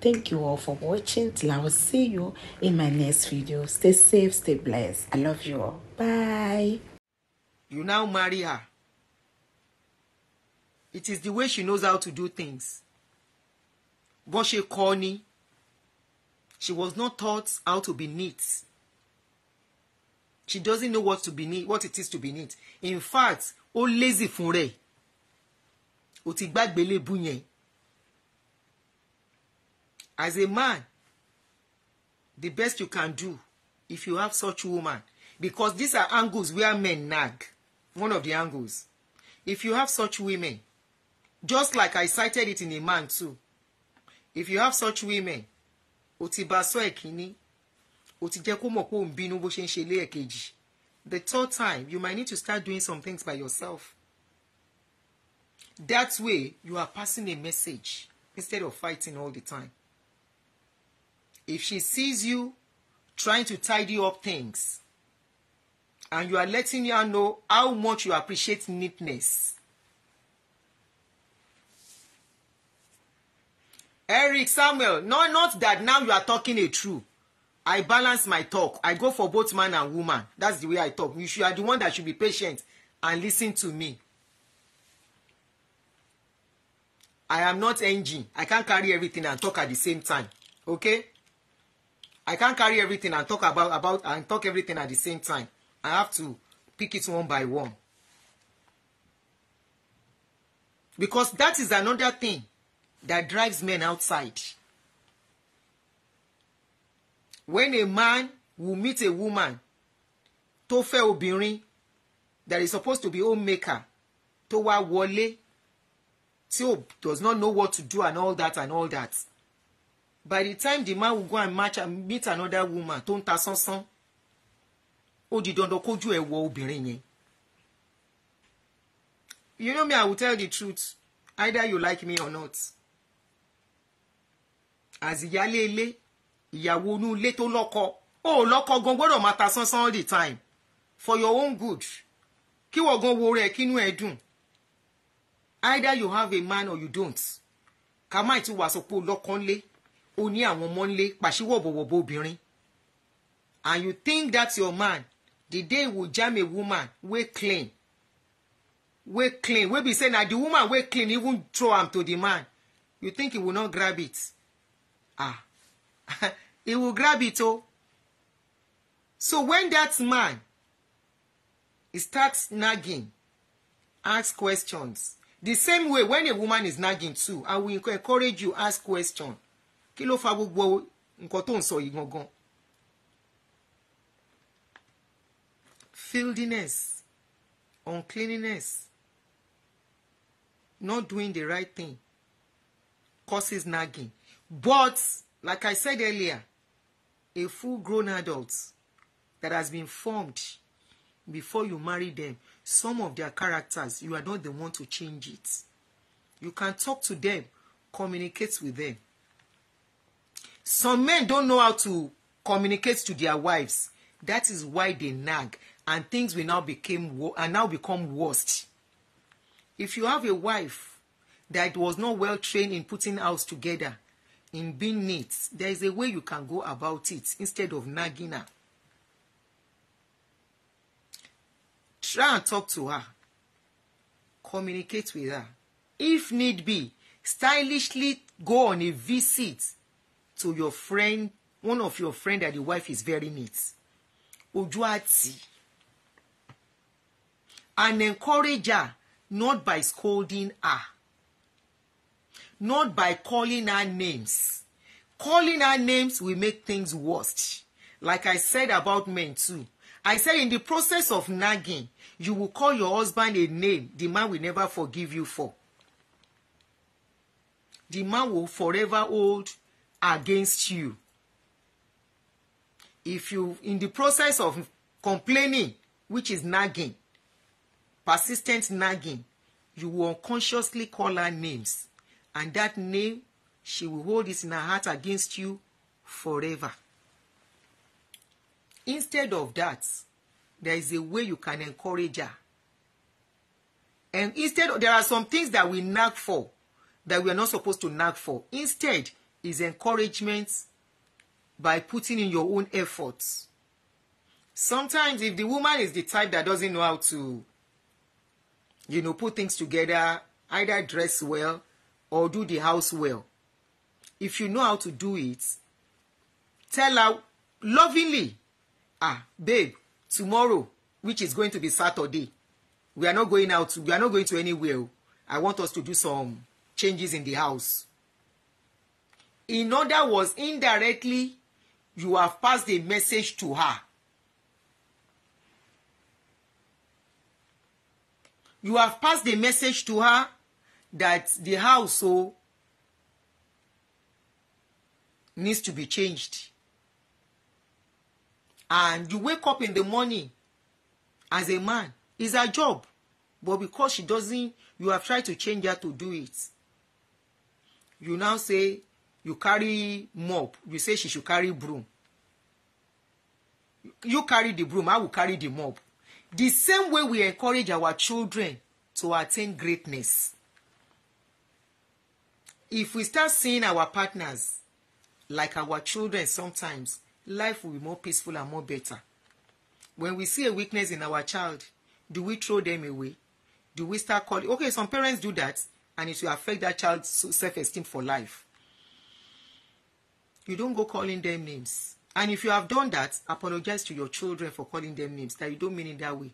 Thank you all for watching. Till I will see you in my next video. Stay safe, stay blessed. I love you all. Bye. You now marry her. It is the way she knows how to do things. But she corny. she was not taught how to be neat. She doesn't know what to be neat, what it is to be neat. In fact, O lazy fún rẹ̀. Ó ti gbàgbé lébu yẹn as a man the best you can do if you have such woman because these are angles where men nag one of the angles if you have such women just like i cited it in a man too if you have such women o ti bá sọ ẹ̀kíní o ti jẹ́ kó mọ̀ pé o ń bínú bó ṣe ń ṣe ilé ẹ̀kejì the third time you might need to start doing some things by yourself that way you are passing a message instead of fighting all the time if she sees you trying to tidy up things and you are letting her know how much you appreciate neatness. Eric Samuel, no, not that now you are talking a true. I balance my talk. I go for both man and woman. That's the way I talk. You, should, are the one that should be patient and listen to me. I am not engine. I can't carry everything and talk at the same time. Okay? I can't carry everything and talk about about and talk everything at the same time. I have to pick it one by one. Because that is another thing that drives men outside. When a man will meet a woman tó fẹ́ obìnrin that is supposed to be homemaker tó wá wọlé tí o does not know what to do and all that and all that by the time the man will go and match and meet another woman tó ń ta sánsán ó di dandan kójú ẹ̀ wọ obìnrin yẹn you know me i will tell the truth either you like me or not as ìyálé ilé ìyàwó inú ilé tó lọ́kọ ó lọ́kọ gan gbọ́dọ̀ máa ta sánsán all the time for your own good kí wọ́n gan wo rẹ̀ kínú ẹ̀ dùn either you have a man or you don't kàmáì ti wàásù pé ó ó ní àwọn ọmọ ńlé pàṣíwọ̀bọ̀wọ̀bọ̀ obìnrin and you think that's your man the day he will jam a woman wey clean wey clean wey be say na the woman wey clean even throw am to the man you think he will not grab it ah he will grab it o oh. so when that man he starts nagging ask questions the same way when a woman is nagging too i will encourage you ask question kí ló fa gbogbo nǹkan tó ń sọ yìí gangan filthiness uncleanliness not doing the right thing causes nagging but like I said earlier a full grown adult that has been formed before you marry them some of their characters you are not the one to change it you can talk to them communicate with them Some men don't know how to communicate to their wives. That is why they nag, and things will now became and now become worst. If you have a wife that was not well trained in putting house together, in being neat, there is a way you can go about it instead of nagging her. Try and talk to her. Communicate with her. If need be, stylishly go on a visit to your friend one of your friend that the wife is very neat ojú àti and encourage her not by scolding her not by calling her names calling her names will make things worse like I said about men too I said in the process of nagging you will call your husband a name the man will never forgive you for the man will forever hold against you if you in the process of complaining which is nagging persistent nagging you will unconsciously call her names and that name she will hold it in her heart against you forever instead of that there is a way you can encourage her and instead there are some things that we nag for that we are not supposed to nag for instead is encouragement by putting in your own efforts. Sometimes, if the woman is the type that doesn't know how to, you know, put things together, either dress well or do the house well, if you know how to do it, tell her lovingly, ah, babe, tomorrow, which is going to be Saturday, we are not going out, we are not going to anywhere. I want us to do some changes in the house in other words indirectly you have passed a message to her you have passed a message to her that the house o oh, needs to be changed and you wake up in the morning as a man is her job but because she doesn't you have tried to change her to do it you now say you carry mop you say she should carry broom you carry the broom i will carry the mop the same way we encourage our children to attain greatness if we start seeing our partners like our children sometimes life will be more peaceful and more better when we see a weakness in our child do we throw them away do we start calling okay some parents do that and it will affect that child's self-esteem for life you don't go calling them names and if you have done that apologize to your children for calling them names that you don't mean it that way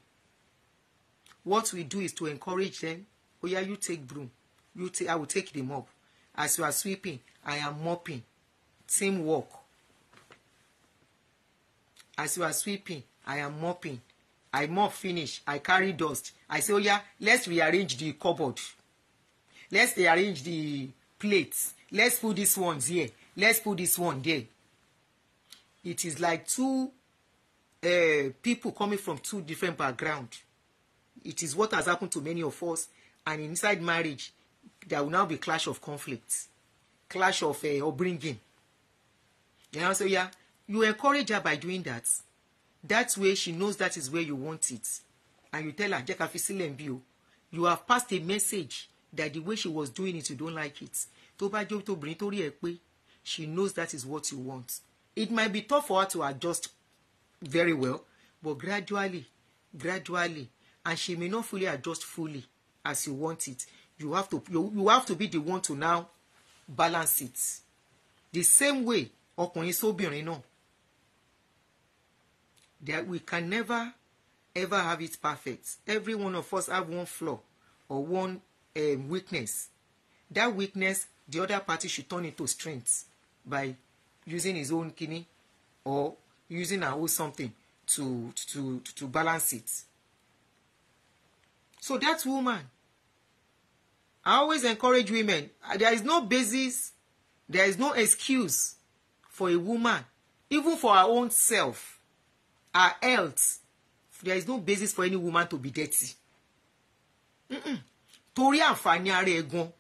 what we do is to encourage them oh yeah you take broom you take i will take the mop as you are sweeping i am mopping work. as you are sweeping i am mopping i mop finish i carry dust i say oh yeah, let's rearrange the cupboard let's rearrange the plates let's put these ones here let's put this one there it is like two uh, people coming from two different backgrounds it is what has happened to many of us and inside marriage there will now be clash of conflicts clash of uh, upbringing you know so yeah you encourage her by doing that that way she knows that is where you want it and you tell her jẹ́ ká fi sílẹ̀ ń o you have passed a message that the way she was doing it you don't like it tó bá jó tóbìnrin tó ẹ pé she knows that is what you want it might be tough for her to adjust very well but gradually gradually and she may not fully adjust fully as you want it you have to you, you have to be the one to now balance it the same way ọkùnrin sóbìnrin náà that we can never ever have it perfect every one of us have one flaw or one um, weakness that weakness the other party should turn into strength by using his own kidney or using her own something to to to balance it so that woman i always encourage women there is no basis there is no excuse for a woman even for her own self her health there is no basis for any woman to be dirty Mm-mm. torí àǹfààní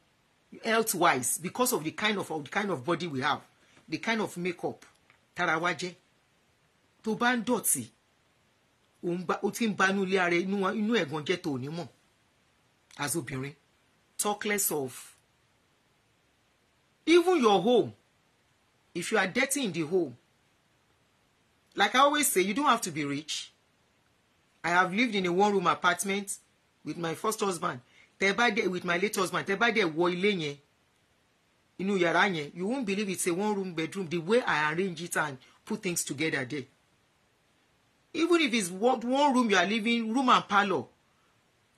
health wise because of the kind of, of the kind of body we have the kind of makeup tára wa jẹ́ tó bá ń dọ̀tí ó ti ń banú ilé ara inú ẹ̀gàn jẹ́ tó ní as obìnrin talk less of even your home if you are dirty in the home like I always say you don't have to be rich I have lived in a one room apartment with my first husband tẹ bá dé with my late husband tẹ bá dé wọ ilé yẹn inú yàrá yẹn you won't believe it's a one room bedroom the way I arrange it and put things together there even if it's one room you are living room and parlour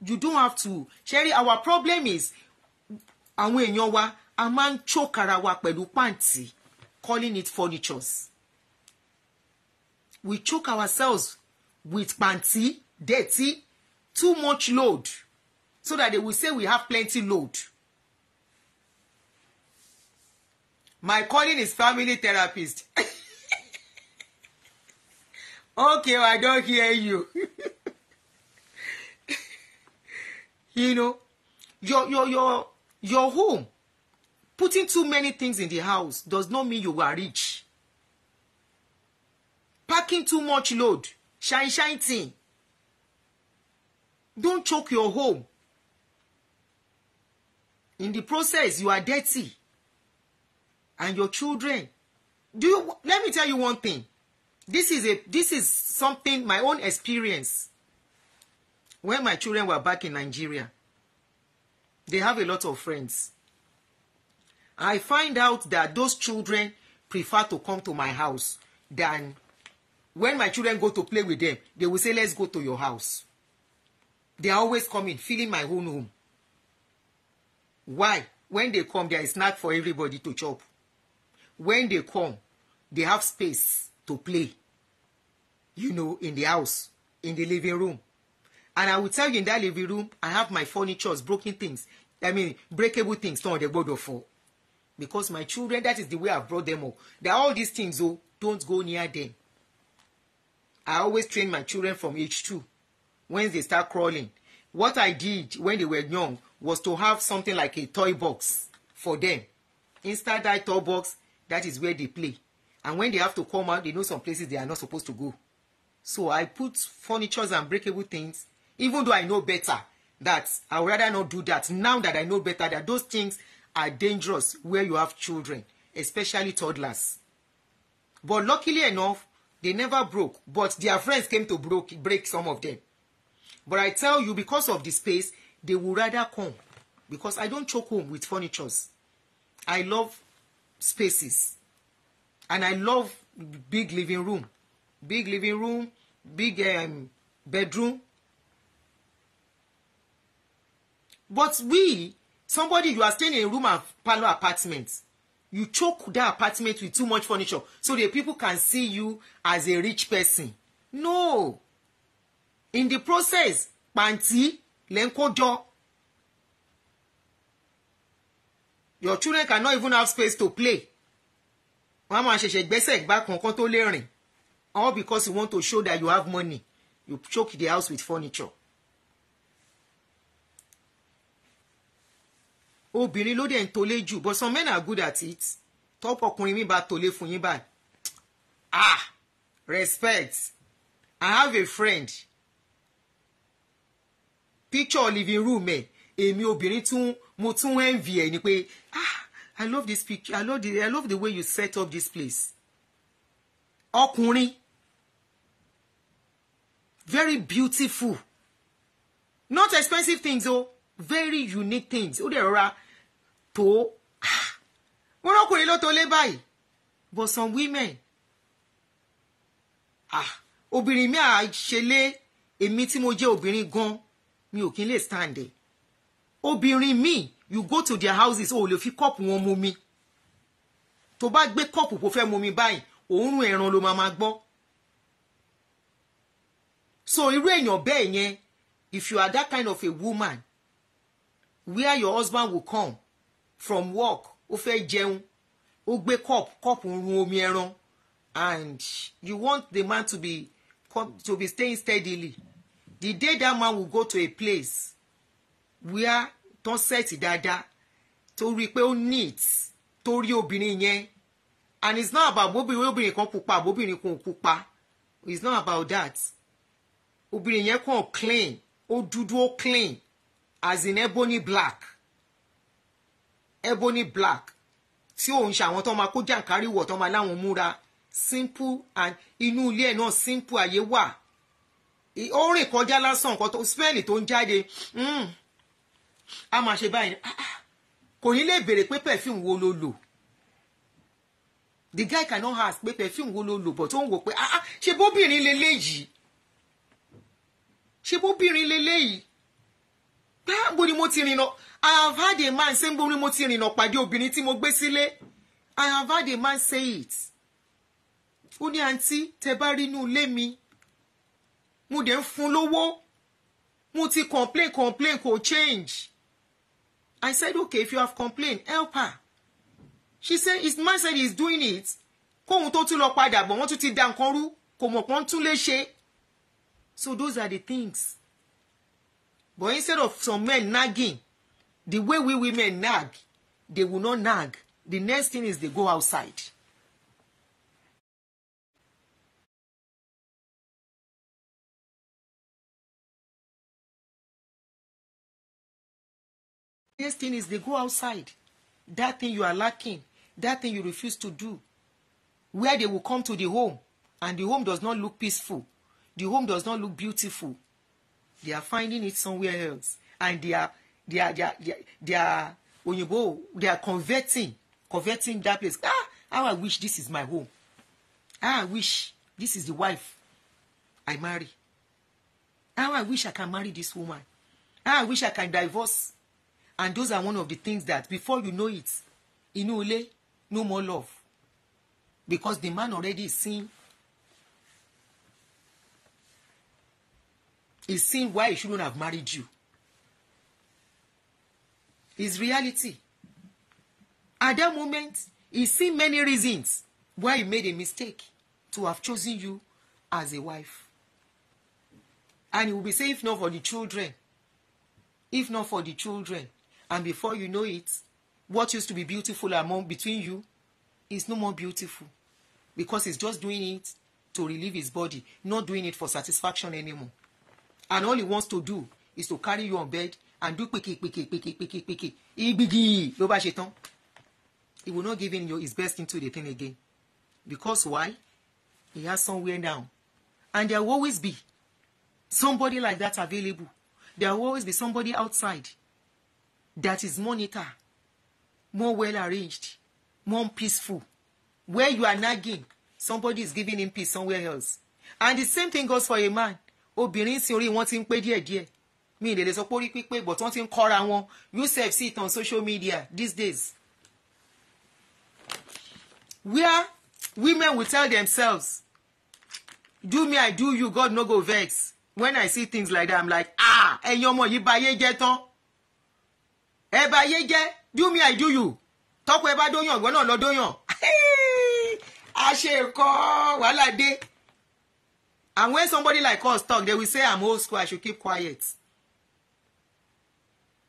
you don't have to Sherry our problem is àwọn èèyàn wa a máa ń choke ara wa pẹ̀lú pàǹtí calling it furnitures we choke ourselves with pàǹtí dirty too much load so that they will say we have plenty load my calling is family therapist okay i don hear you you know your your your your home putting too many things in the house does not mean you are rich packing too much load shine shine thing don't choke your home in the process you are dirty and your children do you let me tell you one thing this is a this is something my own experience when my children were back in Nigeria they have a lot of friends I find out that those children prefer to come to my house than when my children go to play with them they will say let's go to your house they are always coming filling my own home why when they come there is snack for everybody to chop when they come they have space to play you know in the house in the living room and i will tell you in that living room i have my furniture, broken things i mean breakable things tán ọ̀dẹ̀ gbọ́dọ̀ fọ́ because my children that is the way i brought them up they are all these things o oh, don't go near them i always train my children from age two when they start crawling what i did when they were young was to have something like a toy box for them instead that toy box that is where they play and when they have to come out they know some places they are not supposed to go so i put furniture and breakable things even though i know better that i would rather not do that now that i know better that those things are dangerous where you have children especially toddlers but luckily enough they never broke but their friends came to broke, break some of them but i tell you because of the space they would rather come because i don't choke home with furniture. i love spaces and i love big living room big living room big um, bedroom but we somebody you are staying in a room and parlour apartment you choke that apartment with too much furniture so the people can see you as a rich person no in the process panti lẹ́ńkọ́jọ́ your children cannot even have space to play wọ́n á máa ṣẹ̀ṣẹ̀ gbẹ́sẹ̀ gbá kankan tó lè rìn all because you want to show that you have money you choke the house with furniture. obìnrin ló dẹ̀ ń tolé jù but some men are good at it tọ́pọ̀ ọkùnrin mi bá tolé fún yín báyìí ah respect I have a friend picture living room eh? èmi obìnrin tún mo tún envy ẹ ni pé ah i love this picture i love the i love the way you set up this place ọkùnrin very beautiful not expensive things o oh, very unique things ó dẹ̀ rọra tó wọ́n ah, rọ́kùnrin ló tó lé báyìí but some women ah obìnrin mi à ṣe lé èmi tí mo jẹ́ obìnrin gan mi ò kí n lè stand it obìnrin míì you go to their houses o lè fi kọ́ọ̀pù wọn mu mi tó bá gbé kọ́ọ̀pù kó fẹ́ mu mi báyìí òórùn ẹran ló máa máa gbọ́ so irú èèyàn bẹ́ẹ̀ yẹn if you are that kind of a woman where your husband will come from work ó fẹ́ jẹun ó gbé kọ́ọ̀pù kọ́ọ̀pù ń run omi ẹran and you want the man to be to be staying steadily the day that man will go to a place where tán sẹ́ẹ̀tì dáadáa tó rí i pé ó neat tó obìnrin yẹn and it's not about bóbìnrin obìnrin kan pupa bóbìnrin kan pupa it's not about that obìnrin yẹn kàn clean ó dúdú ó clean as in ebony black ebony black tí òun ṣe àwọn tó máa kó jàǹkárí wọ̀ tó máa láwọn múra simple and inú ilé ẹ̀ náà simple àyè wà ó rìn kọjá lásán nǹkan tó spẹ́ẹ̀lì tó ń jáde. Mm a máa ṣe báyìí ah, ah. kò ní lè béèrè pé perfume wo ló lò the guy cannot ask pé perfume wo ló lò but ó ń wò pé ah, ṣe bóbìnrin leléyìí ṣe bóbìnrin leléyìí gbogbo ni mo ti rìnà I have had a man say gbogbo ni mo ti rìnà pàdé obìnrin tí mo gbé sílé I have had a man say it ó ní àǹtí tẹ bá rí inú ilé mi mo dẹ̀ ń fún lówó mo ti complain complain kò change I said, okay, if you have complained, help her. She said, his man said he's doing it. Kóhun tó tún lọ padà bọ̀ wọ́n tún ti da nǹkan rú kò mọ̀ pọ́n tún lè ṣe. So those are the things. But instead of some men nagging, the way we women nag, they will not nag. The next thing is they go outside. biggest thing is they go outside. That thing you are lacking, that thing you refuse to do, where they will come to the home and the home does not look peaceful, the home does not look beautiful. They are finding it somewhere else and they are they are they are they are, they are they are converting converting that place ah how I wish this is my home Ah, I wish this is the wife I marry how I wish I can marry this woman how I wish I can divorce and those are one of the things that before you know it inú ilé no more love because the man already is seen is seen why he shouldn't have married you His reality at that moment he see many reasons why he made a mistake to have chosen you as a wife and he will be saying if not for the children if not for the children and before you know it what used to be beautiful among between you is no more beautiful because he's just doing it to relieve his body not doing it for satisfaction anymore and all he wants to do is to carry you on bed and do piki piki piki piki piki igbigi ló bá ṣe tán he will not give in your, his best into the thing again because why he has somewhere now and there will always be somebody like that available there will always be somebody outside that is monitor, more well arranged, more peaceful. Where you are nagging, somebody is giving him peace somewhere else. And the same thing goes for a man. Obìnrin sì orí wọn ti ń pé díẹ̀díẹ̀. Mi ìlè lè sọ pé orí pípé but wọ́n ti ń kọ́ra wọn. Yusuf sí ìtàn social media these days. Where women will tell themselves, do me I do you God no go vex. When I see things like that I'm like ah ẹ̀yin ọmọ yìí bà ayé tán ẹ bá yé jẹ́ do me I do you tọ́kọ ẹ bá dóyàn ìwọ náà lọ dóyàn àṣekọ wàhálà dé and when somebody like us talk they will say I'm old school I should keep quiet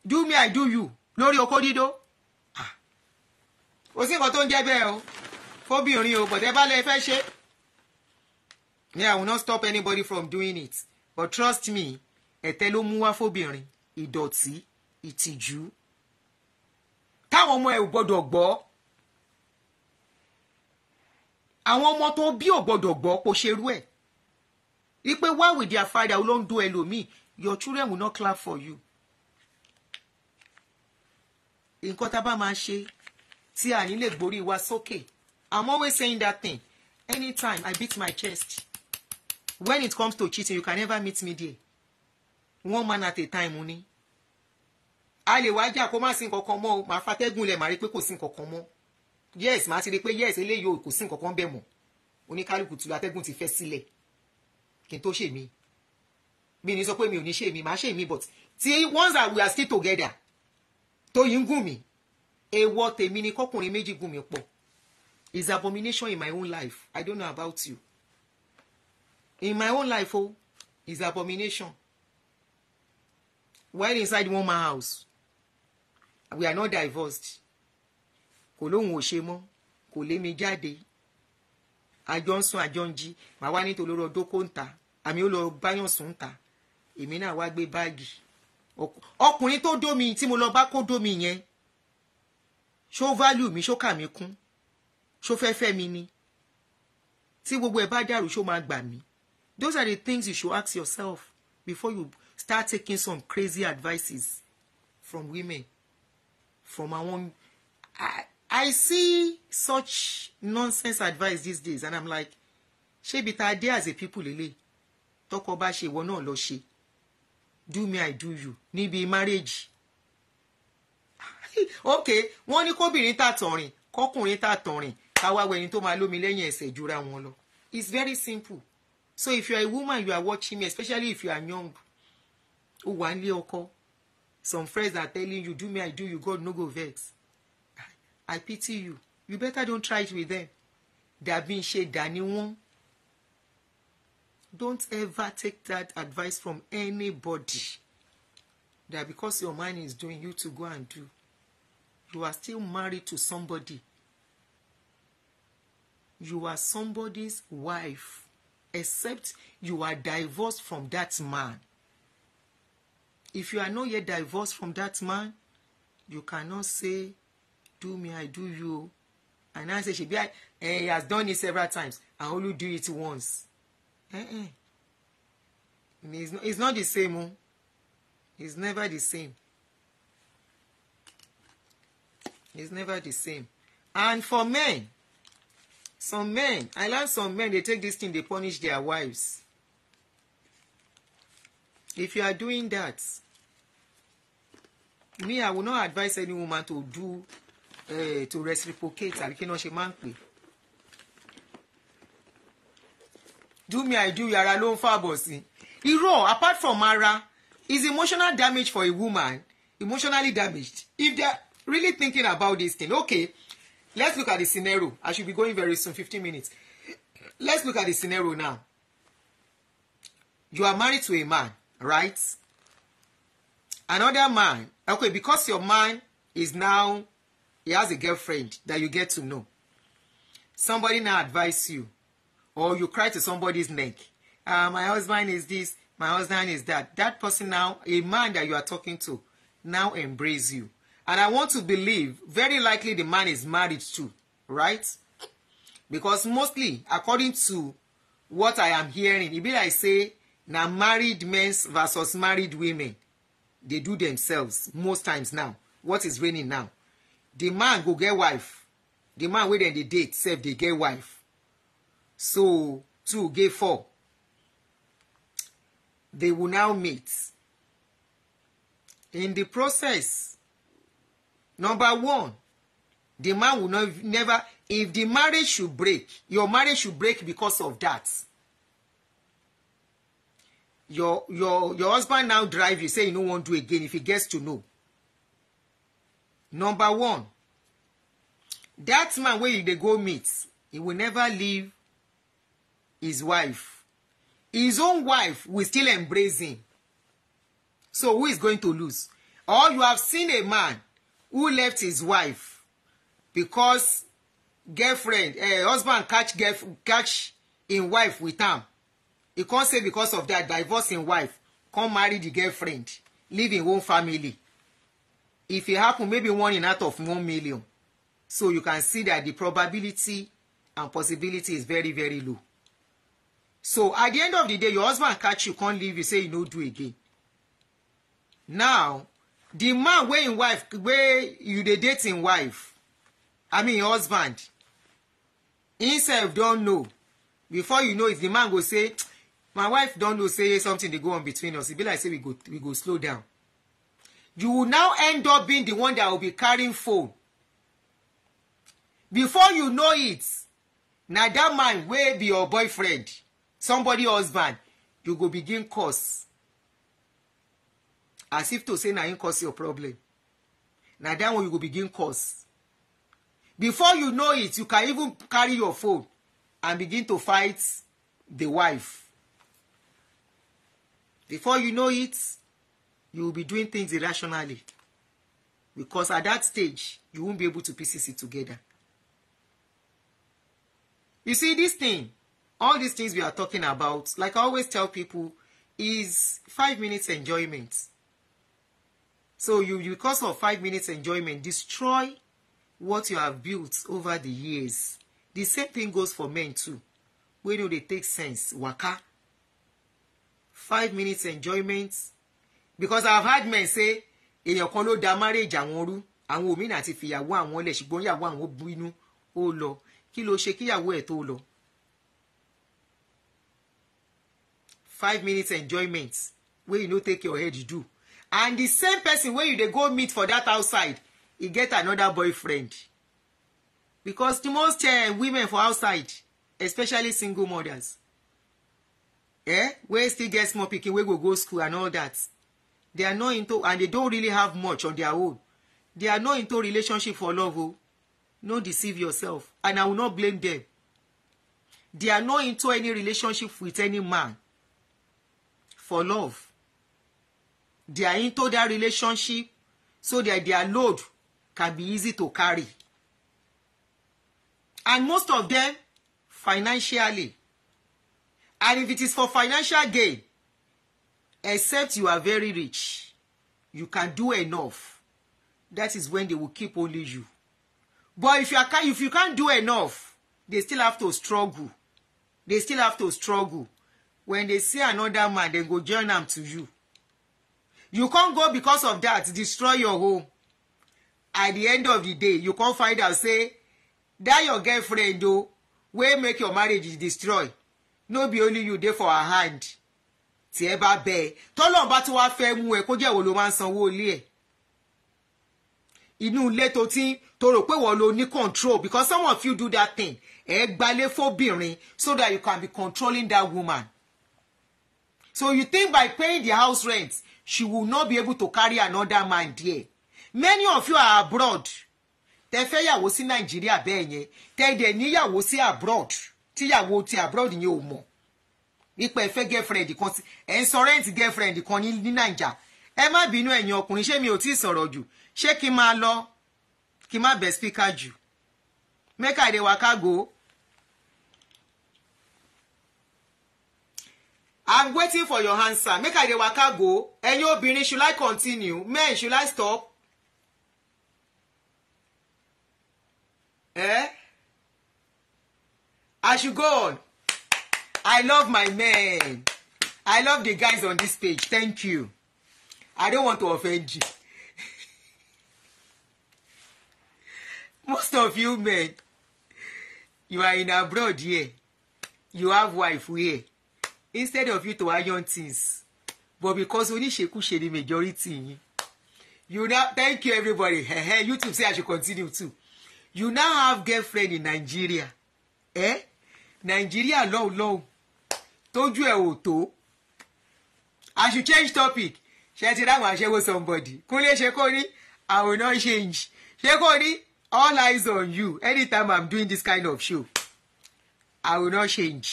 do me I do you lórí okó dídó ah. kò sí nǹkan tó ń jẹ́ bẹ́ẹ̀ o fóbìnrin o bọ̀dẹ́ bá lẹ fẹ́ ṣe ni I will not stop anybody from doing it but trust me ẹ̀tẹ́ ló mú wá fóbìnrin ìdọ̀tí ìtìjú táwọn ọmọ ẹ ò gbọ́dọ̀ gbọ́ àwọn ọmọ tó bí ò gbọ́dọ̀ gbọ́ kò ṣerú ẹ̀ wípé wá with their father ló ń dún ẹlòmíì your children will not clap for you. nǹkan tá a bá máa ṣe tí a ní lè gborí wa sókè I'm always saying that thing anytime I beat my chest when it comes to cheating you can never meet me there one man at a time ni a lè wá jà kó má sí nǹkan kan mọ́ o màá fatẹ́gùn lẹ̀ màá rí pé kò sí nǹkan kan yes màá ti rí pé yes eléyìí kò sí nǹkan kan bẹ̀ mọ́ oníkálukú tu atẹ́gùn ti fẹ́ sílẹ̀ kí n tó ṣe mí mi ní sọ pé mi ò ní ṣe mí màá ṣe mí but tí once that we are still together tó yín gùn mí èèwọ̀ tèmi ni kọkùnrin méjì gùn mí pọ̀ is abomination in my own life I don't know about you in my own life o oh, is abomination while inside one man house we are not divorced kò lóun ò ṣe mọ́ kò lé mi jáde àjọ ń sùn àjọ ń jí màá wá nítorí olóró ọdún kò ń ta àmì ó lọ báyàn sùn ń ta èmi náà wá gbé báàgì ọkùnrin tó dómi tí mo lọ bá kó dómi yẹn ṣó value mi ṣó kà mí kún ṣó fẹ́ fẹ́ mi ni tí gbogbo ẹ̀ bá dàrú ṣó máa gbà mí those are the things you should ask yourself before you start taking some crazy advices from women from àwọn I, I see such nonsense advice these days and I'm like ṣé ibi tá a dé as a people lélẹ̀ tọkọ bá ṣe ìwọ náà lọ ṣe do me I do you níbi marriage okay wọ́n ní kóbìnrin tà tọ̀rìn kọkùnrin tà tọ̀rìn káwá wẹni tó máa lómi lẹ́yìn ẹsẹ̀ ìjura wọn lọ it's very simple so if you are a woman you are watching me especially if you are young ó wà nílé ọkọ some friends are telling you do me i do you god no go vex i, pity you you better don't try it with them dàbí ṣe dání wọn don't ever take that advice from anybody that because your mind is doing you to go and do you are still married to somebody you are somebody's wife except you are divorced from that man if you are not yet divorced from that man you cannot say do me i do you and now say shebi i eh, he has done it several times i only do it once eh, eh. It's, not, it's not the same o oh. it's never the same it's never the same and for men some men i learn some men dey take this thing dey punish their wives if you are doing that me i will not advise any woman to do uh, to reciprocate àbí kí náà ṣe máa do me i do yàrá ló ń fàbọ̀ sí irọ́ apart from ara is emotional damage for a woman emotionally damaged if they are really thinking about this thing okay let's look at the scenario i should be going very soon fifteen minutes let's look at the scenario now you are married to a man right another man okay because your man is now he has a girlfriend that you get to know somebody now advise you or you cry to somebody's neck uh, my husband is this my husband is that that person now a man that you are talking to now embrace you and i want to believe very likely the man is married too right because mostly according to what i am hearing e be like say now married men versus married women they do themselves most times now what is raining now the man go get wife the man wey dem dey date sef dey get wife so two get four they will now meet in the process number one the man will not, never if the marriage should break your marriage should break because of that your your your husband now drive you say you no wan do again if he gets to know number one that man wey you dey go meet he will never leave his wife his own wife will still embrace him so who is going to lose or you have seen a man who left his wife because girlfriend uh, husband catch girlf catch him wife with am e come say because of that divorce him wife come marry the girlfriend leave him own family if e happen maybe one in out of one million so you can see that the probability and possibility is very very low so at the end of the day your husband catch you come leave you say you no do again now the man wey him wife wey you dey date him wife i mean husband himself don know before you know if the man go say my wife don know say something dey go on between us e be like say we go we go slow down you will now end up being the one that will be carrying phone before you know it na that man wey be your boyfriend somebody husband you go begin curse as if to say na him cause your problem na that one you go begin curse before you know it you can even carry your phone and begin to fight the wife Before you know it, you will be doing things irrationally. Because at that stage, you won't be able to piece it together. You see, this thing, all these things we are talking about, like I always tell people, is five minutes enjoyment. So you, because of five minutes enjoyment, destroy what you have built over the years. The same thing goes for men too. When do they take sense, waka, five minutes enjoyment because i have heard men say èèyàn kan ló da marriage àwọn rú àwọn òmìnira àti fìyàwó àwọn lẹ̀ ṣùgbọ́n ìyàwó àwọn bínú ó lọ kí ló ṣe kíyàwó ẹ̀ tó lọ. five minutes enjoyment wey you no take your head do and the same person wey you dey go meet for that outside e get another boyfriend because the most uh, women for outside especially single mothers eh wey still get small pikin wey go go school and all that they are not into and they don't really have much on their own they are not into relationship for love o oh. no deceive yourself and i will not blame them they are not into any relationship with any man for love they are into that relationship so that their load can be easy to carry and most of them financially And if it is for financial gain, except you are very rich, you can do enough. That is when they will keep only you. But if you, are, if you can't do enough, they still have to struggle. They still have to struggle. When they see another man, they go join am to you. You can't go because of that, destroy your home. At the end of the day, you can't find out, say, that your girlfriend, though, wey make your marriage destroy no be only you dey for her hand tí ẹ bá bẹ ẹ tọ́lọ́n bá tí wàá fẹ́ mú ẹ kó jẹ́ wo ló máa ń sanwó ilé ẹ̀ inú ilé tó ti tó rò pé wọ́n lo ní control because someone fit do that thing ẹ gbalé fóbìnrin so that you can be controlling that woman so you think by paying the house rent she will not be able to carry another man there many of you are abroad tẹ fẹ́ yàwó sí nàìjíríà bẹ́ẹ̀ yẹn tẹ dẹ̀ níyàwó sí abroad. tíyàwó ti abroad yẹn ò mọ̀ ipa ẹ fẹ́ girlfriend kan si ẹ girlfriend kan ní naija ẹ má bínú ẹ̀yin ọkùnrin ṣé mi ò tí sọrọ sọ̀rọ̀ jù ṣé kí n máa lọ kí n má bẹ̀ speaker jù make I dey waka go. I'm waiting for your answer make I dey waka go ẹ̀yin obìnrin should I continue men should I stop. Eh? I should go on. I love my men. I love the guys on this page. Thank you. I don't want to offend you. Most of you men, you are in abroad here. You have wife here. Instead of you to iron things, but because sheku oníṣekúṣe the majority You now thank you everybody. YouTube say I should continue too. You now have girlfriend in Nigeria. Eh? nàìjíríà lọ́hùn lọ́hùn tójú ẹ̀ ò tó i should change topic ṣe ti ráwọn aṣẹ́wó somebody kúnlé ṣe kó ní i will not change ṣe kó ní all eyes on you anytime i'm doing this kind of show i will not change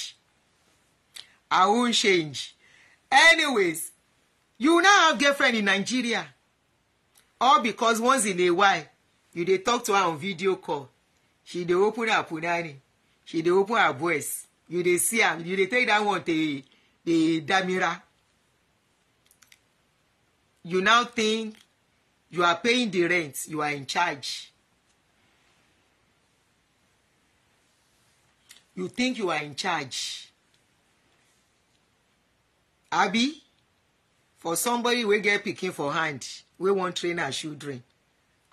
i won't change anyways you now have girlfriend in nigeria all because once in a while you dey talk to her on video call she dey open her punani she dey open her voice you dey see am you dey take that one dey dey damira you now think you are paying the rent you are in charge you think you are in charge abi for somebody wey get pikin for hand wey wan train her children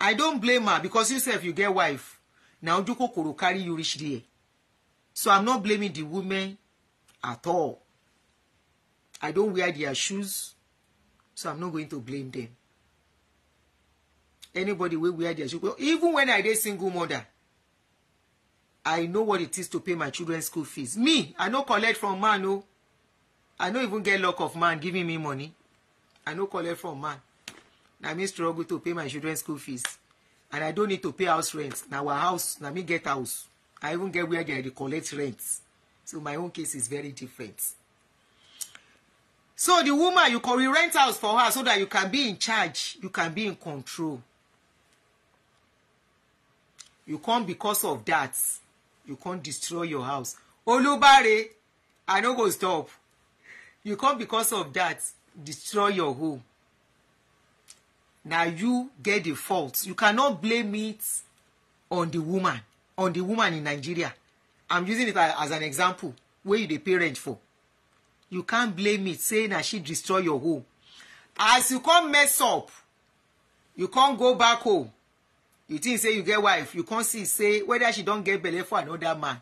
i don blame her because you sef you get wife na ojú kòkòrò carry you reach there So I'm not blaming the women at all. I don't wear their shoes, so I'm not going to blame them. Anybody will wear their shoes. Even when I dey single mother, I know what it is to pay my children school fees. Me, I no collect from man o. Oh. I no even get luck of man giving me money. I no collect from man. Na me struggle to pay my children school fees. And I don't need to pay house rent. Na our house, na me get house. I even get where they collect rent. So my own case is very different. So the woman, you can rent house for her so that you can be in charge. You can be in control. You come because of that. You can't destroy your house. Olubare, I no go stop. You come because of that. Destroy your home. Now you get the fault. You cannot blame it on the woman on the woman in nigeria i'm using it as an example wey you dey pay rent for you can't blame it say na she destroy your home as you come mess up you come go back home you think say you get wife you come see say whether she don get belle for another man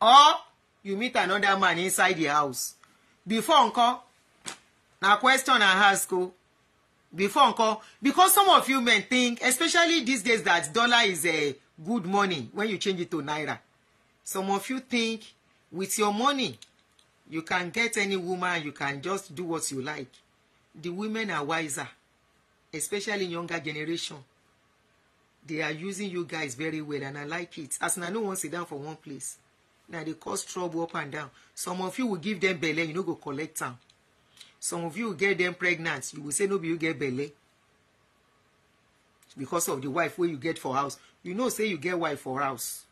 or you meet another man inside the house before nko na question i ask o before nko because some of you men think especially these days that dollar is a eh, good money when you change it to naira some of you think with your money you can get any woman you can just do what you like the women are wiser especially in younger generation they are using you guys very well and i like it as na no wan sit down for one place na dey cause trouble up and down some of you will give them belle you no go collect am some of you will get them pregnant you go say no be you get belle because of the wife wey you get for house you know say you get wife for house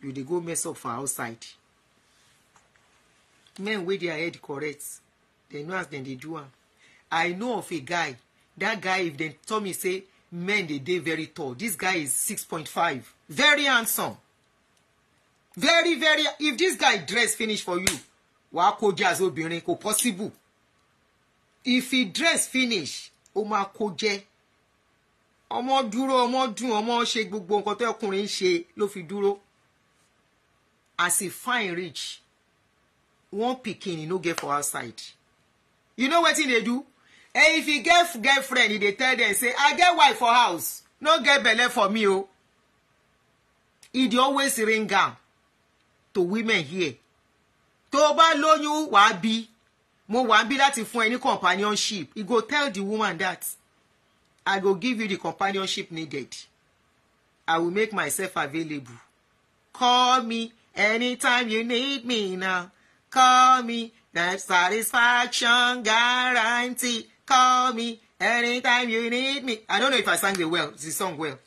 you dey go mess up for outside men wey their head correct dem know as dem dey do am i know of a guy that guy if dem tell me say men dey dey very tall this guy is six point five, very handsome very very if this guy dress finish for you wàá kó jẹ as obìnrin kò possible if he dress finish ó máa kó jẹ ọmọ dúró ọmọ dùn ọmọ ṣe gbogbo nǹkan tó ọkùnrin ń ṣe ló fi dúró as a fine rich, one pikin e no get for outside you know wetin dey do and if he get girlfriend he dey tell them say i get wife for house no get belle for me o oh. He dey always ring am to women here tó o bá lóyún wàá bí mo wàá bí láti fún ẹ ní companionship he go tell the woman that I go give you the companionship needed. I will make myself available. Call me anytime you need me now. Call me that satisfaction guarantee. Call me anytime you need me. I don't know if I sang the well, the song well.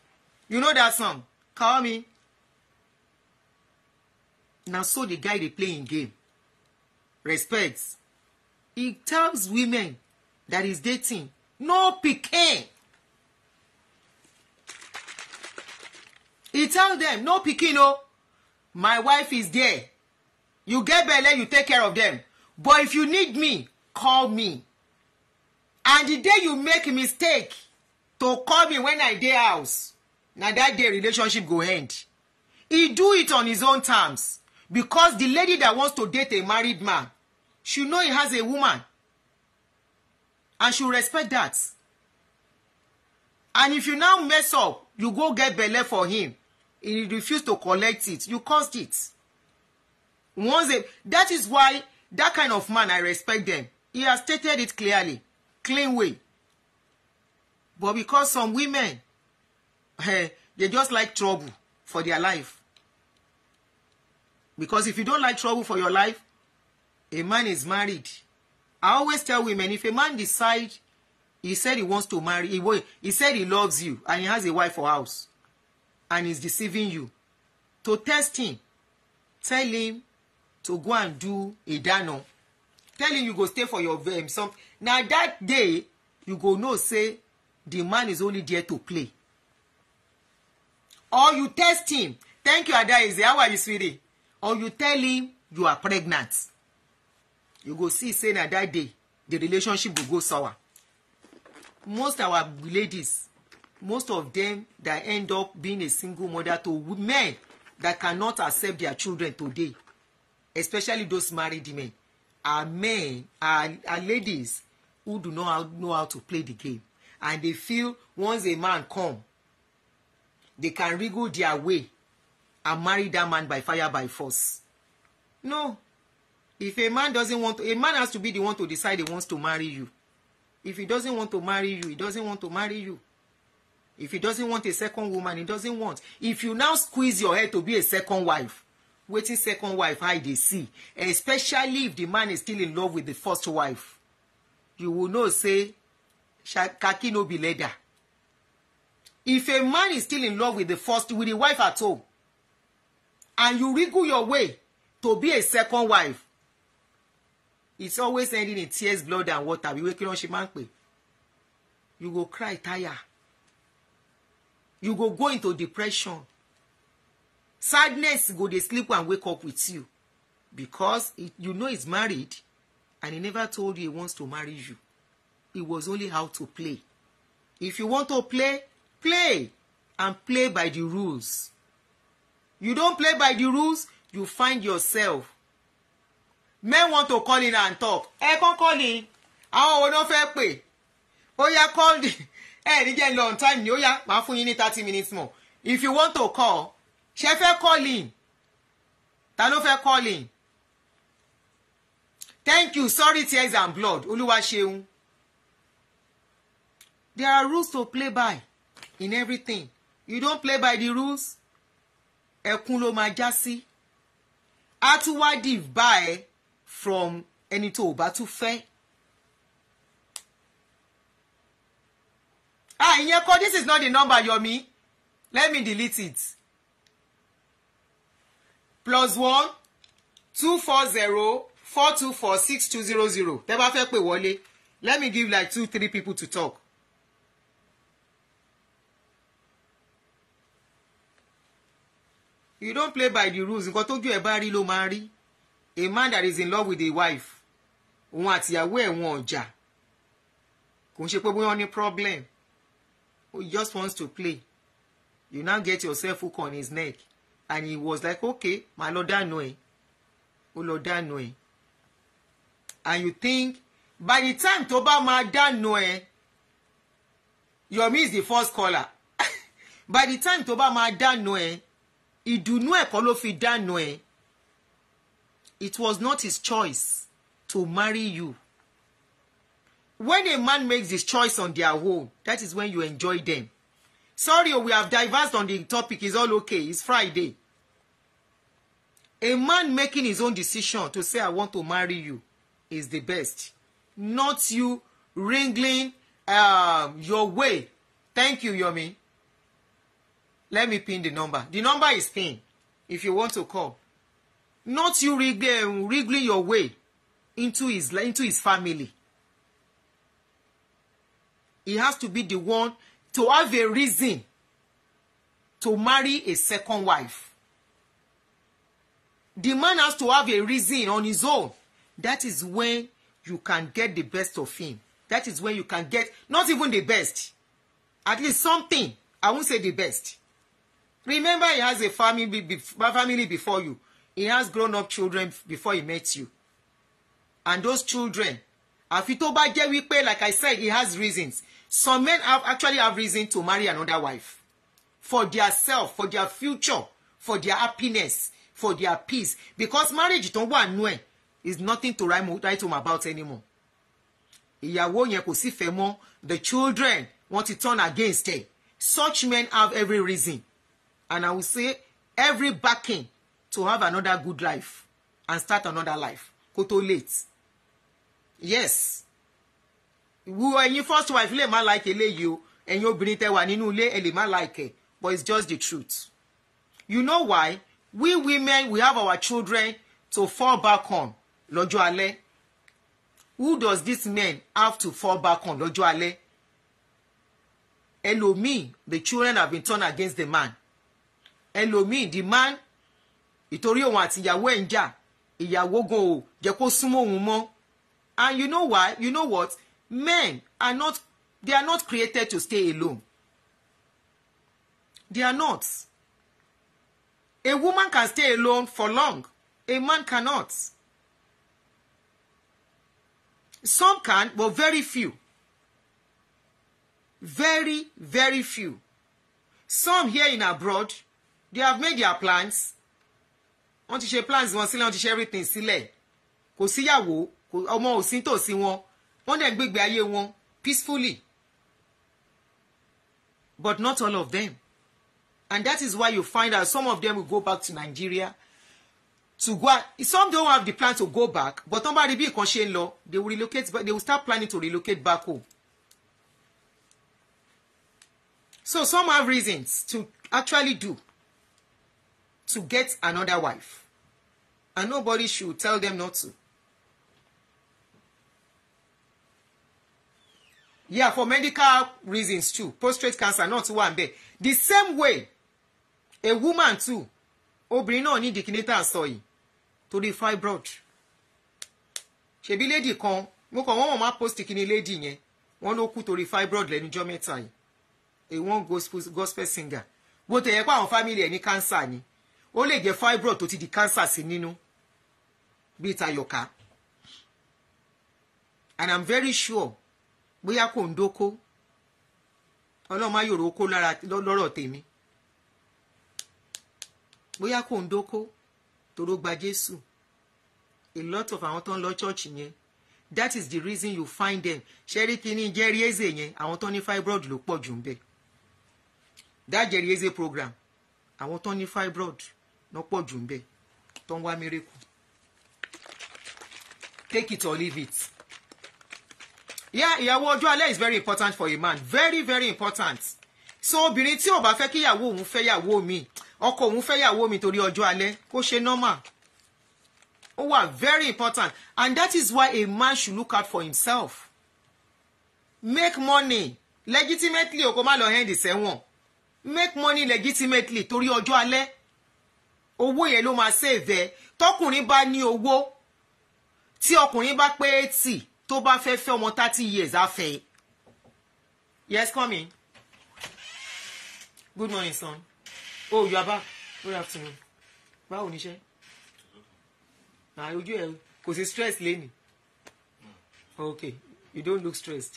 You know that song. Call me. Na so the guy dey play im game. Respect. He tells women that he's dating, no pikin. he tell them no pikin o oh. my wife is there you get belle you take care of them but if you need me call me and the day you make mistake to call me when i dey house na that day relationship go end he do it on his own terms because the lady that wants to date a married man she know he has a woman and she respect that and if you now mess up you go get belle for him He refused to collect it. You caused it. Once they, that is why that kind of man, I respect them. He has stated it clearly, clean way. But because some women, eh, they just like trouble for their life. Because if you don't like trouble for your life, a man is married. I always tell women, if a man decide he said he wants to marry, he, he said he loves you, and he has a wife or house, and is deceiving you to test him tell him to go and do idana tell him you go stay for your um, some na that day you go know say the man is only there to play or you test him thank you adaeze how are you sweetie or you tell him you are pregnant you go see say na that day the relationship go go sour most our ladies most of them that end up being a single mother to men that cannot accept their children today especially those married men are men are, are ladies who do not know how to play the game and they feel once a man come they can wriggle their way and marry that man by fire by force no if a man doesn't want to a man has to be the one to decide he wants to marry you if he doesn't want to marry you he doesn't want to marry you If he doesn't want a second woman, he doesn't want. If you now squeeze your head to be a second wife, wetin second wife how you dey see especially if the man is still in love with the first wife you will know say khaki no be leather if a man is still in love with the first with the wife at home and you wriggle your way to be a second wife it's always ending in tears blood and water You wake up, máa ń pè you go cry tire you go go into depression sadness go dey sleep and wake up with you because it, you know he's married and he never told you he wants to marry you it was only how to play if you want to play play and play by the rules you don play by the rules you find yourself men want to call in and talk ẹ kàn call in àwọn wo ló fẹ́ pè ó yá call in ẹ ní jẹ́ lọ on time ni ó yá màá fún yín ní thirty minutes more if you want to call ṣe fẹ́ call in ta ló fẹ́ call in thank you sorry tears and blood olúwa ṣeun there are rules to play by in everything you don't play by the rules ẹkún ló máa já sí á tún wá div bá ẹ from ẹni tó ò bá tún fẹ́ ah ìyẹn kọ́ this is not the number yomi let me delete it plus one two four zero four two four six two zero zero tẹ́ bá fẹ́ pè wọlé let me give like two three people to talk. you don't play by the rules nǹkan tójú ẹ̀ bá rí ló máa rí a man that is in love with a wife òun àtìyàwó ẹ̀ wọn ọjà kò ń ṣe pé bóyá wọ́n ní problem who just wants to play you now get yourself hook on his neck and he was like okay ma lọ dànù ẹ ó lọ dànù ẹ and you think by the time Toba ma dan dànù ẹ Yomi is the first caller by the time Toba ma dan dànù ẹ ìdùnnú ẹ̀kọ́ ló fi dànù ẹ it was not his choice to marry you when a man makes his choice on their own that is when you enjoy them sorry oh, we have diverged on the topic it's all okay it's friday a man making his own decision to say i want to marry you is the best not you wrangling um, your way thank you yomi let me pin the number the number is pin if you want to call not you wrangling, wriggling your way into his into his family he has to be the one to have a reason to marry a second wife. The man has to have a reason on his own. That is when you can get the best of him. That is when you can get not even the best, at least something. I won't say the best. Remember, he has a family, family before you. He has grown-up children before he met you. And those children, Afitoba, tó bá like I said, he has reasons some men have actually have reason to marry another wife for their self for their future for their happiness for their peace because marriage tó wà nú ẹ is nothing to write home about anymore ìyàwó yẹn kò sì fẹ́ mọ́ the children want to turn against her such men have every reason and i will say every backing to have another good life and start another life kó tó late yes wú ẹ̀yin first wife lè má like eléyìí o ẹ̀yin obìnrin tẹ́ wà nínú ilé ẹ lè má like it. but it's just the truth you know why we women we have our children to fall back on lọ́jọ́ alẹ́ who does this man have to fall back on lọ́jọ́ alẹ́ ẹlòmíì the children have been turned against the man ẹlòmíì the man ìtorí òun àti ìyàwó ẹ̀ ń jà ìyàwó gan ò jẹ́ kó súnmọ́ òun mọ́ and you know why you know what men are not they are not created to stay alone they are not a woman can stay alone for long a man cannot some can but very few very very few some here in abroad they have made their plans wọ́n ti ṣe plans wọn sílẹ̀ wọ́n ti ṣe everything sílẹ̀ kò síyàwó ọmọ ò sí tòsí wọn wọ́n dẹ̀ gbégbé ayé wọn peacefully but not all of them and that is why you find out some of them will go back to Nigeria to go out some don't have the plan to go back but wọ́n bá rí bí nǹkan ṣe ń lọ they will relocate But they will start planning to relocate back home so some have reasons to actually do to get another wife and nobody should tell them not to yeah for medical reasons too prostate cancer náà tún wà ń bẹ̀ the same way a woman too obìnrin náà ní dìkínítà sọ yìí torí fibroid ṣebí lady kan mo kàn wọ́n wọ́n máa post kíní lady yẹn wọ́n ló kú torí fibroid lẹ́nujọ́ mẹ́ta yìí a one gospel, gospel singer bó tẹ̀ yẹ pé àwọn family ẹ̀ ní cancer ni ó lè jẹ́ fibroid tó ti di cancer sí nínú bíi tayọ̀ká and i'm very sure bóyá kò ń dóko ọlọ́run má yòrò okó lára lọ́rọ̀ tèmi bóyá kò ń dóko tóró gba jésù a lot of àwọn tó ń lọ church yẹn that is the reason you find them ṣẹ́rí kínní jẹ́rí eze yẹn àwọn tó ní fibroid ló pọ̀ jù ń bẹ̀ that Jerry eze program àwọn tó ní fibroid ló pọ̀ jù ń bẹ̀ tó ń wá miracle take it or leave it yeah ìyàwó ojú alẹ́ is very important for a man very very important so obìnrin tí ò bá fẹ́ kíyàwó òun fẹ́ yàwó mi ọkọ òun fẹ́ yàwó mi torí ọjọ́ alẹ́ kó ṣe normal ó wà very important and that is why a man should look out for himself make money legitimately o kò má lọ hẹ́ndì sẹ́wọ̀n make money legitimately torí ọjọ́ alẹ́ owó yẹn ló máa save ẹ tọkùnrin bá ní owó tí ọkùnrin bá pé eighty tó bá fẹ́ fẹ́ ọmọ thirty years á fẹ́ yes come in good morning son oh you are back good afternoon báwo níṣẹ́ ah, ojú ẹ kò sí stress lẹ́nu okay you don't look stressed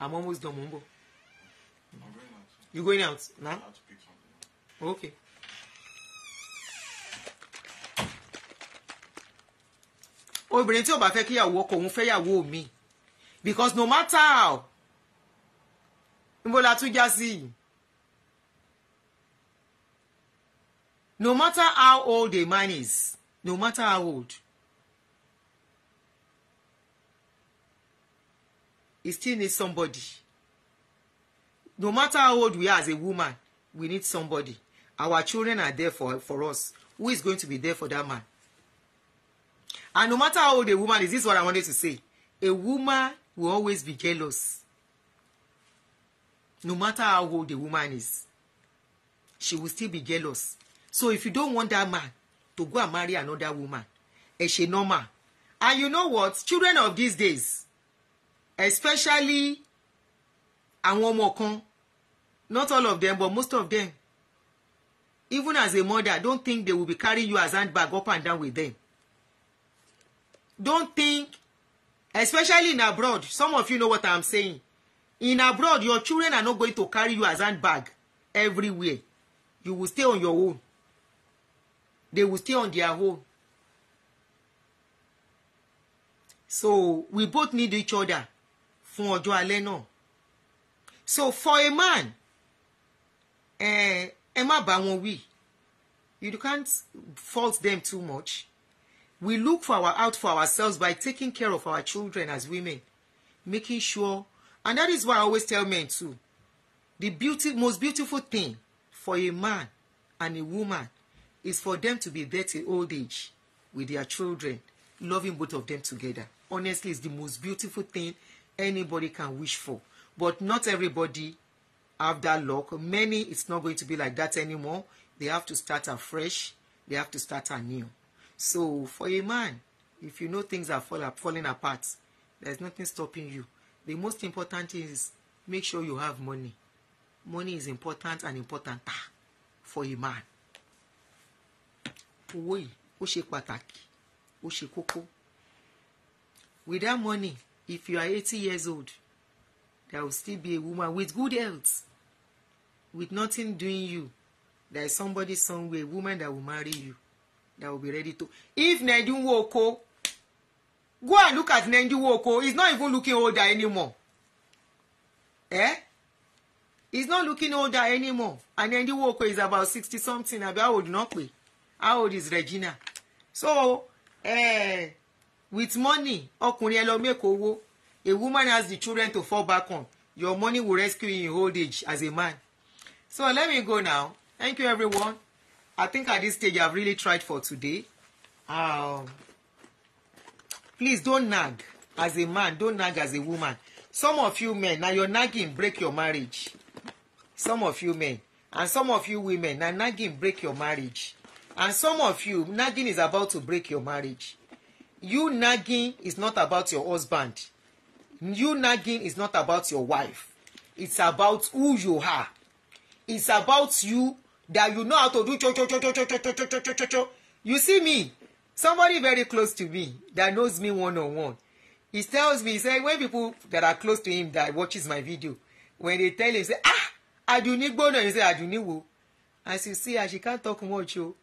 i'm almost done mo ń bọ̀ you going out now okay. obìnrin tí ò bá fẹ́ kíyàwó ọkọ òun fẹ́ yàwó mi because no matter how níbo la tún já sí no matter how old a man is no matter how old he still needs somebody no matter how old we are as a woman we need somebody our children are there for, for us who is going to be there for that man And no matter how old a woman is, this is what I wanted to say. A woman will always be jealous. No matter how old a woman is, she will still be jealous. So if you don't want that man to go and marry another woman, it's a normal. And you know what? Children of these days, especially àwọn ọmọ kan, not all of them, but most of them, even as a mother, don't think they will be carrying you as handbag up and down with them don't think especially in abroad some of you know what i'm saying in abroad your children are not going to carry you as handbag everywhere you will stay on your own they will stay on their own so we both need each other fún ọjọ́ alẹ́ náà so for a man eh, ẹ má bá wọn wí you can't fault them too much we look for our out for ourselves by taking care of our children as women making sure and that is why i always tell men too the beauty most beautiful thing for a man and a woman is for them to be there till old age with their children loving both of them together honestly it's the most beautiful thing anybody can wish for but not everybody have that luck many it's not going to be like that anymore they have to start afresh they have to start anew So for a man, if you know things are fall, falling apart, there's nothing stopping you. The most important thing is make sure you have money. Money is important and important ah, for a man. Owó yìí kókó. Without money, if you are eighty years old, there will still be a woman with good health with nothing doing you. There is somebody somewhere, a woman that will marry you. that will be ready to if Nendu Nwoko go and look at Nendu Nwoko he's not even looking older anymore eh he's not looking older anymore and Nendu Nwoko is about sixty something abi how old na pe how old is Regina so eh, with money ọkùnrin ẹ lọ make owó a woman has the children to fall back on your money will rescue you in old age as a man so let me go now thank you everyone. I think at this stage I've really tried for today. Um, please don't nag as a man, don't nag as a woman. Some of you men, now you're nagging break your marriage. Some of you men. And some of you women, now nagging break your marriage. And some of you, nagging is about to break your marriage. You nagging is not about your husband. You nagging is not about your wife. It's about who you are. It's about you that you know how to do cho cho cho cho cho cho cho cho cho cho cho cho you see me somebody very close to me that knows me one on one he tells me say when people that are close to him that watches my video when they tell him say ah aduni gbona he say aduni wo as you see as she can't talk much o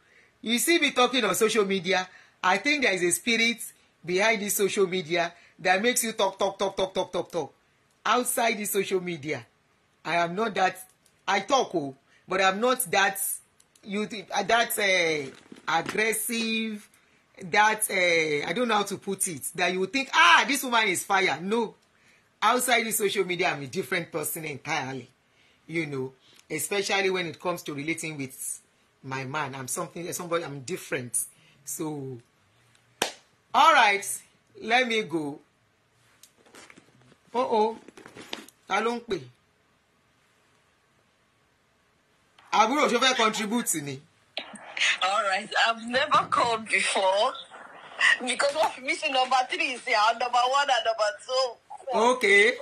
you see me talking on social media i think there is a spirit behind this social media that makes you talk talk talk talk talk talk talk outside this social media i am not that i talk o but i'm not that you uh, that uh, aggressive that uh, i don't know how to put it that you think ah this woman is fire no outside the social media i'm a different person entirely you know especially when it comes to relating with my man i'm something somebody i'm different so all right let me go oh oh ta ló ń àbúrò ṣe fẹ́ contribute ni. all right i've never called before because wọ́n fi number three sí àwọn number one and number two. okay.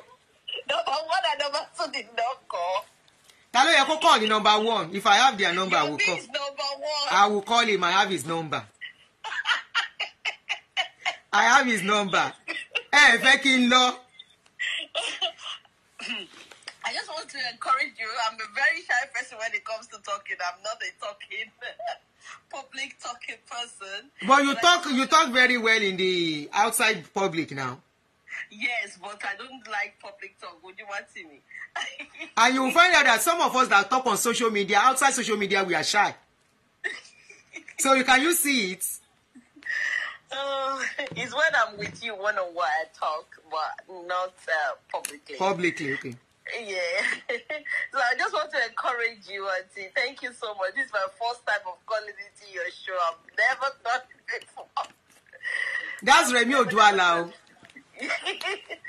number one and number two did not call. ta ló yẹ kó call the number one if i have their number i will call. i will call him i have his number. i have his number. ẹ ẹ fẹ́ kí n lọ. I just want to encourage you. I'm a very shy person when it comes to talking. I'm not a talking public talking person. But you but talk you talk very well in the outside public now. Yes, but I don't like public talk. Would you want to me? and you will find out that some of us that talk on social media, outside social media, we are shy. so you can you see it? Uh, it's when I'm with you one on one I talk, but not uh, publicly. Publicly, okay. Yeah. so I just want to encourage you, Auntie. Thank you so much. This is my first time of calling into your show. I've never done it before. That's Remy Odwala.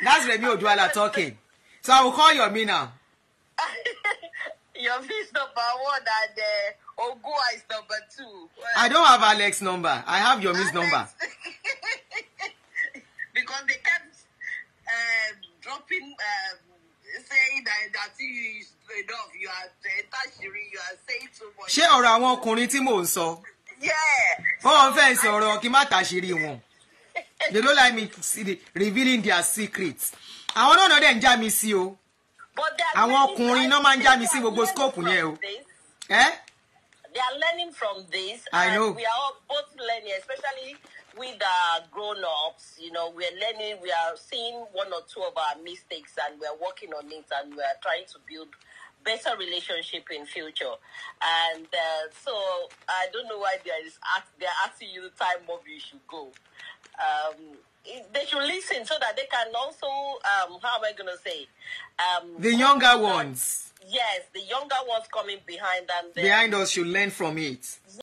That's Remy Odwala talking. So I will call your me now. your me is number one and uh, Ogua is number two. Well, I don't have Alex number. I have your miss number. because they kept not um, dropping. Um, saying that that is enough you are tashiri you are saying too much. ṣé ọ̀rọ̀ àwọn ọkùnrin tí mò ń sọ. bọ́ọ̀ fẹ́ sọ̀rọ̀ kí n má tàṣírí wọn they don't like me revealing their secrets àwọn náà náà dẹ̀ ń já mi sí o àwọn ọkùnrin náà máa ń já mi sí gbogbo scope yẹn o. They are learning from this. I know. We are all both learning, especially we our grown ups, you know, we're learning, we are seeing one or two of our mistakes and we're working on it and we're trying to build better relationship in future. And uh, so I don't know why is they're asking you the time of you should go. Um, they should listen so that they can also um, how am I gonna say um, the younger ones. Yes, the younger ones coming behind them. behind us should learn from it.